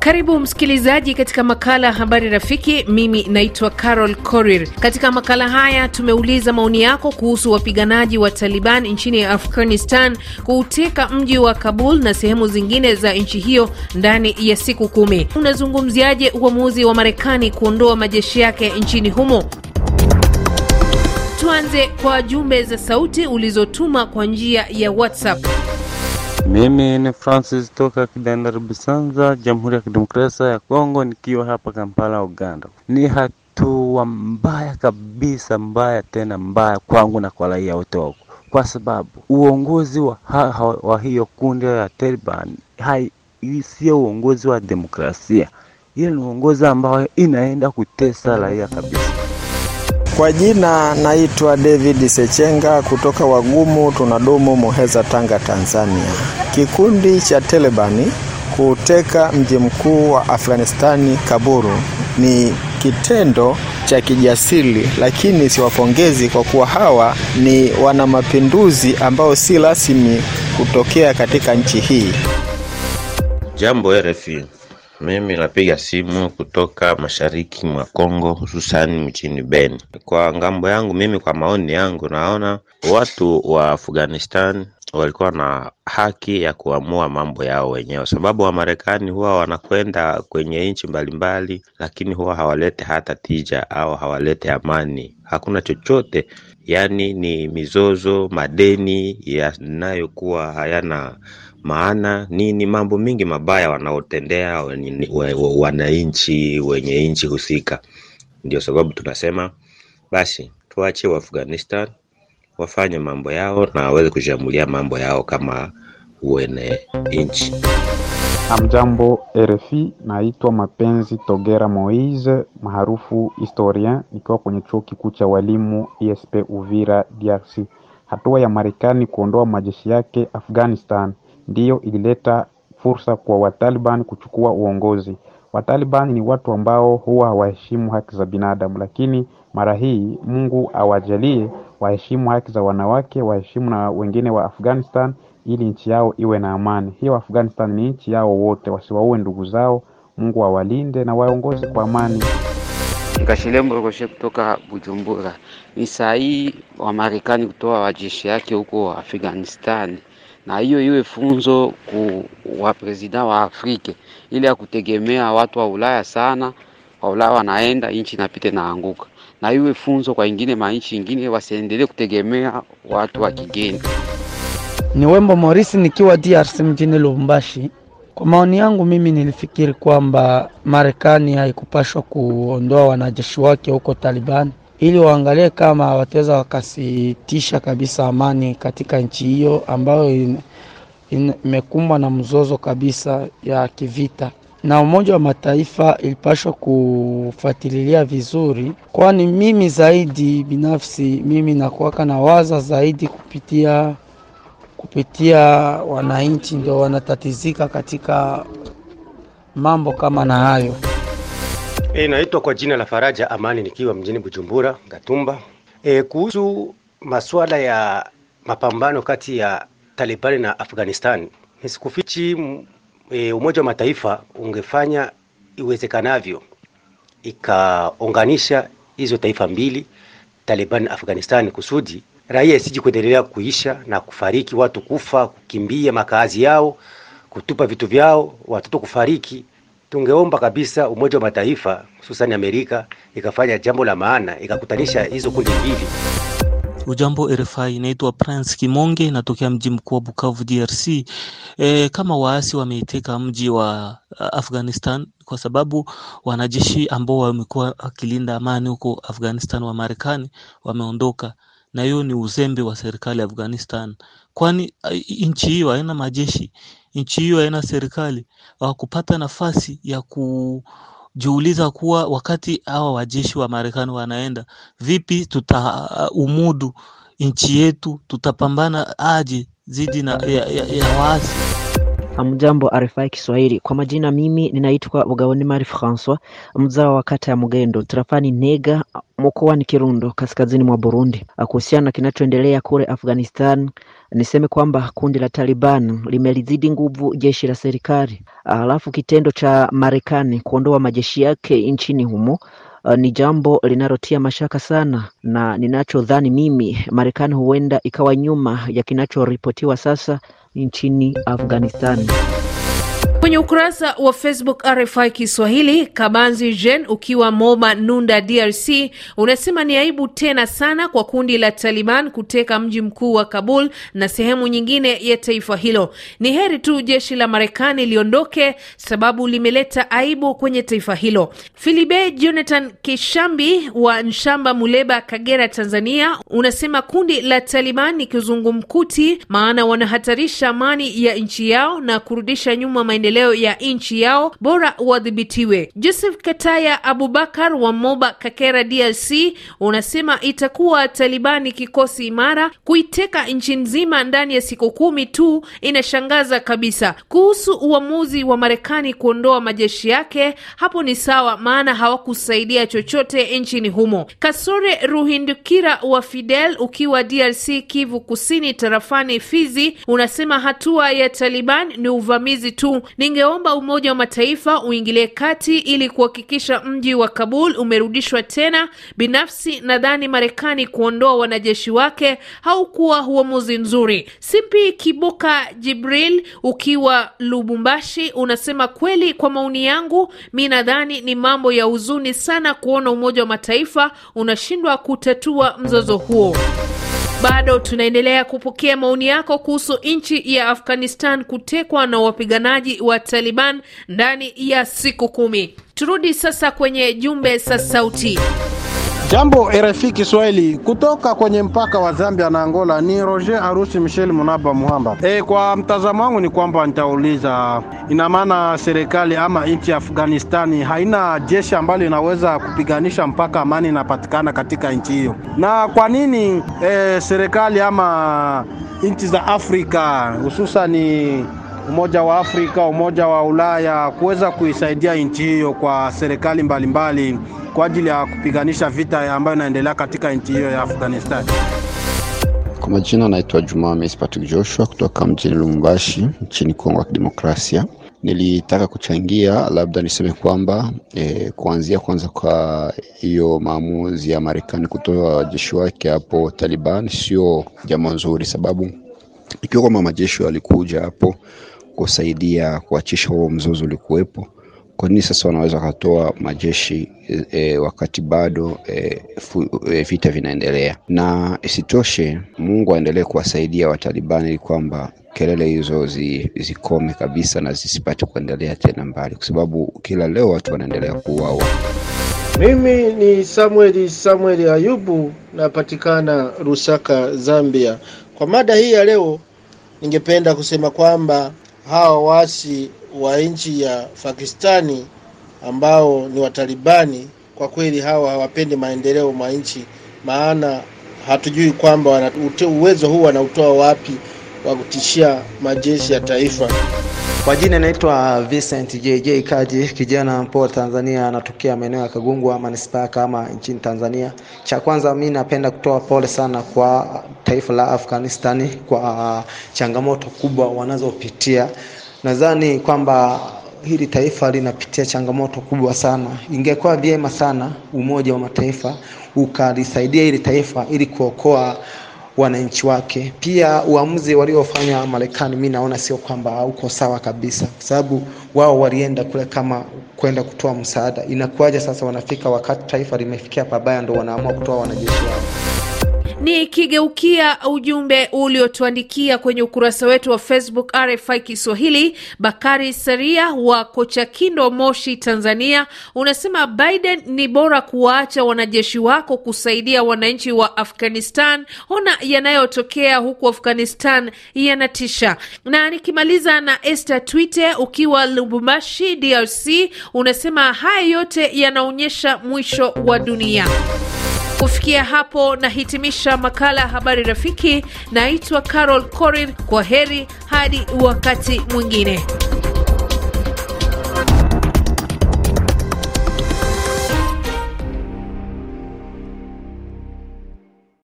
Karibu msikilizaji katika makala ya habari rafiki. Mimi naitwa Carol Korir. Katika makala haya tumeuliza maoni yako kuhusu wapiganaji wa Taliban nchini Afghanistan kuuteka mji wa Kabul na sehemu zingine za nchi hiyo ndani ya siku kumi. Unazungumziaje uamuzi wa Marekani kuondoa majeshi yake nchini humo? Tuanze kwa jumbe za sauti ulizotuma kwa njia ya WhatsApp. Mimi ni Francis toka Kidandar Rubisanza, Jamhuri ya Kidemokrasia ya Kongo, nikiwa hapa Kampala, Uganda. Ni hatua mbaya kabisa, mbaya tena mbaya kwangu na kwa raia wote wako, kwa sababu uongozi wa, ha, ha, wa hiyo kundi ya Taliban sio uongozi wa demokrasia. Hiyo ni uongozi ambayo inaenda kutesa raia kabisa. Kwa jina naitwa David Sechenga kutoka Wagumu tunadumu Muheza, Tanga, Tanzania. Kikundi cha Talibani kuteka mji mkuu wa Afghanistani Kaburu ni kitendo cha kijasiri, lakini siwapongezi kwa kuwa hawa ni wanamapinduzi ambao si rasmi kutokea katika nchi hii. Jambo RFI. Mimi napiga simu kutoka mashariki mwa Kongo hususani mchini Beni. Kwa ngambo yangu mimi, kwa maoni yangu, naona watu wa Afghanistan walikuwa na haki ya kuamua mambo yao wenyewe, sababu Wamarekani huwa wanakwenda kwenye nchi mbalimbali, lakini huwa hawalete hata tija au hawalete amani, hakuna chochote. Yani ni mizozo, madeni yanayokuwa hayana maana nini, mambo mingi mabaya wanaotendea wananchi wenye nchi husika. Ndio sababu tunasema basi tuache Waafghanistan wafanye mambo yao na waweze kushambulia mambo yao kama wene nchi. Amjambo RFI, naitwa Mapenzi Togera Moise maarufu historien, nikiwa kwenye chuo kikuu cha walimu ISP e Uvira DRC. Hatua ya Marekani kuondoa majeshi yake Afghanistan ndiyo ilileta fursa kwa Wataliban kuchukua uongozi. Wataliban ni watu ambao huwa hawaheshimu haki za binadamu, lakini mara hii Mungu awajalie waheshimu haki za wanawake, waheshimu na wengine wa Afghanistan ili nchi yao iwe na amani. Hiyo Afghanistan ni nchi yao wote, wasiwaue ndugu zao. Mungu awalinde na waongoze kwa amani. Ngashile Mboroshe kutoka Bujumbura. Ni saa hii Wamarekani kutoa wajeshi yake huko afghanistani na hiyo iwe funzo kwa president wa Afrika, ili ya kutegemea watu wa Ulaya sana. Wa Ulaya wanaenda inchi napite naanguka, na iwe funzo kwa ingine mainchi ingine, wasiendelee kutegemea watu wa kigeni. Ni Wembo Morisi nikiwa DRC mjini Lubumbashi. Kwa maoni yangu mimi nilifikiri kwamba Marekani haikupashwa kuondoa wanajeshi wake huko Taliban ili waangalie kama wataweza wakasitisha kabisa amani katika nchi hiyo ambayo imekumbwa na mzozo kabisa ya kivita na Umoja wa Mataifa ilipashwa kufuatilia vizuri, kwani mimi zaidi binafsi mimi nakuwaka na waza zaidi kupitia kupitia wananchi ndio wanatatizika katika mambo kama na hayo. E, naitwa kwa jina la Faraja Amani nikiwa mjini Bujumbura Gatumba. E, eh, kuhusu masuala ya mapambano kati ya Talibani na Afghanistan, nisikufichi e, Umoja wa Mataifa ungefanya iwezekanavyo ikaunganisha hizo taifa mbili Taliban na Afghanistan kusudi raia isije kuendelea kuisha na kufariki, watu kufa, kukimbia makazi yao, kutupa vitu vyao, watoto kufariki tungeomba kabisa Umoja wa Mataifa hususani Amerika ikafanya jambo la maana ikakutanisha hizo kundi mbili. Ujambo RFI, inaitwa Prince Kimonge, inatokea mji mkuu wa Bukavu, DRC. E, kama waasi wameiteka mji wa Afghanistan kwa sababu wanajeshi ambao wamekuwa wakilinda amani huko Afghanistan wa Marekani wameondoka, na hiyo ni uzembe wa serikali ya Afghanistan kwani nchi hiyo haina majeshi, nchi hiyo haina serikali. Hawakupata nafasi ya kujiuliza kuwa wakati hawa wajeshi wa Marekani wanaenda, vipi tutaumudu nchi yetu, tutapambana aje zidi na ya, ya, ya waasi amjambo RFI Kiswahili, kwa majina mimi ninaitwa Bugaboni Mari Francois, mzao wa kata ya Mugendo, tarafani Nega, mkoani Kirundo, kaskazini mwa Burundi. Ah, kuhusiana na kinachoendelea kule Afghanistan, niseme kwamba kundi la Taliban limelizidi nguvu jeshi la serikali, alafu kitendo cha Marekani kuondoa majeshi yake nchini humo Uh, ni jambo linalotia mashaka sana, na ninachodhani mimi Marekani huenda ikawa nyuma ya kinachoripotiwa sasa nchini Afghanistan. Kwenye ukurasa wa Facebook RFI Kiswahili, Kabanzi Jen ukiwa Moma Nunda, DRC, unasema ni aibu tena sana kwa kundi la Taliban kuteka mji mkuu wa Kabul na sehemu nyingine ya taifa hilo. Ni heri tu jeshi la Marekani liondoke, sababu limeleta aibu kwenye taifa hilo. Filibe Jonathan Kishambi wa Nshamba, Muleba, Kagera, Tanzania, unasema kundi la Taliban ni kizungumkuti, maana wanahatarisha amani ya nchi yao na kurudisha nyuma maendeleo maendeleo ya nchi yao bora wadhibitiwe. Joseph Kataya Abubakar wa Moba Kakera DRC unasema itakuwa Talibani kikosi imara kuiteka nchi nzima ndani ya siku kumi tu, inashangaza kabisa. Kuhusu uamuzi wa Marekani kuondoa majeshi yake, hapo ni sawa, maana hawakusaidia chochote nchini humo. Kasore Ruhindukira wa Fidel ukiwa DRC Kivu Kusini tarafani Fizi unasema hatua ya Taliban ni uvamizi tu Ningeomba Umoja wa Mataifa uingilie kati ili kuhakikisha mji wa Kabul umerudishwa tena. Binafsi nadhani Marekani kuondoa wanajeshi wake haukuwa uamuzi nzuri. Simpi Kibuka Jibril ukiwa Lubumbashi unasema kweli, kwa maoni yangu mi nadhani ni mambo ya huzuni sana kuona Umoja wa Mataifa unashindwa kutatua mzozo huo. Bado tunaendelea kupokea maoni yako kuhusu nchi ya Afghanistan kutekwa na wapiganaji wa Taliban ndani ya siku kumi. Turudi sasa kwenye jumbe za sauti. Jambo RFI Kiswahili kutoka kwenye mpaka wa Zambia na Angola, ni Roger Arusi Michel Munaba Muhamba. E, kwa mtazamo wangu ni kwamba nitauliza, ina maana serikali ama nchi ya Afghanistani haina jeshi ambalo inaweza kupiganisha mpaka amani inapatikana katika nchi hiyo? Na kwa nini e, serikali ama nchi za Afrika hususani Umoja wa Afrika, Umoja wa Ulaya kuweza kuisaidia nchi hiyo kwa serikali mbalimbali mbali, kwa ajili ya kupiganisha vita ambayo inaendelea katika nchi hiyo ya Afghanistan. Kwa majina naitwa Juma Messi Patrick Joshua kutoka mjini lumumbashi nchini Kongo ya Kidemokrasia. Nilitaka kuchangia labda niseme kwamba e, kuanzia kwanza kwa hiyo maamuzi ya Marekani kutoa wajeshi wake hapo Taliban sio jambo nzuri, sababu ikiwa kwamba majeshi walikuja hapo kusaidia kuachisha huo mzozo ulikuwepo kwa nini sasa wanaweza wakatoa majeshi e, e, wakati bado e, fu, e, vita vinaendelea? Na isitoshe Mungu aendelee kuwasaidia Watalibani ili kwamba kelele hizo zi, zikome kabisa na zisipate kuendelea tena mbali, kwa sababu kila leo watu wanaendelea kuuawa. Mimi ni Samuel Samuel Ayubu, napatikana Lusaka, Zambia. Kwa mada hii ya leo, ningependa kusema kwamba hawa waasi wa nchi ya Pakistani ambao ni Watalibani, kwa kweli hawa hawapendi maendeleo mwa nchi, maana hatujui kwamba uwezo huu wanautoa wapi wa kutishia majeshi ya taifa. Kwa jina naitwa Vincent JJ Kaji, kijana mpoa Tanzania, anatokea maeneo ya kagungwa manispaa kama nchini Tanzania. Cha kwanza mi napenda kutoa pole sana kwa taifa la Afghanistani kwa ah, changamoto kubwa wanazopitia. Nadhani kwamba hili taifa linapitia changamoto kubwa sana. Ingekuwa vyema sana Umoja wa Mataifa ukalisaidia hili taifa ili kuokoa wananchi wake. Pia uamuzi waliofanya Marekani, mi naona sio kwamba uko sawa kabisa, kwa sababu wao walienda kule kama kwenda kutoa msaada. Inakuwaje sasa wanafika wakati taifa limefikia pabaya, ndo wanaamua kutoa wanajeshi wao? Nikigeukia ujumbe uliotuandikia kwenye ukurasa wetu wa Facebook RFI Kiswahili, Bakari Saria wa kocha kindo Moshi, Tanzania, unasema Biden ni bora kuwaacha wanajeshi wako kusaidia wananchi wa Afghanistan. Ona yanayotokea huku Afghanistan yanatisha. Na nikimaliza na este twitte ukiwa Lubumbashi, DRC, unasema haya yote yanaonyesha mwisho wa dunia. Kufikia hapo nahitimisha makala ya habari rafiki. Naitwa Carol Korir, kwa heri hadi wakati mwingine.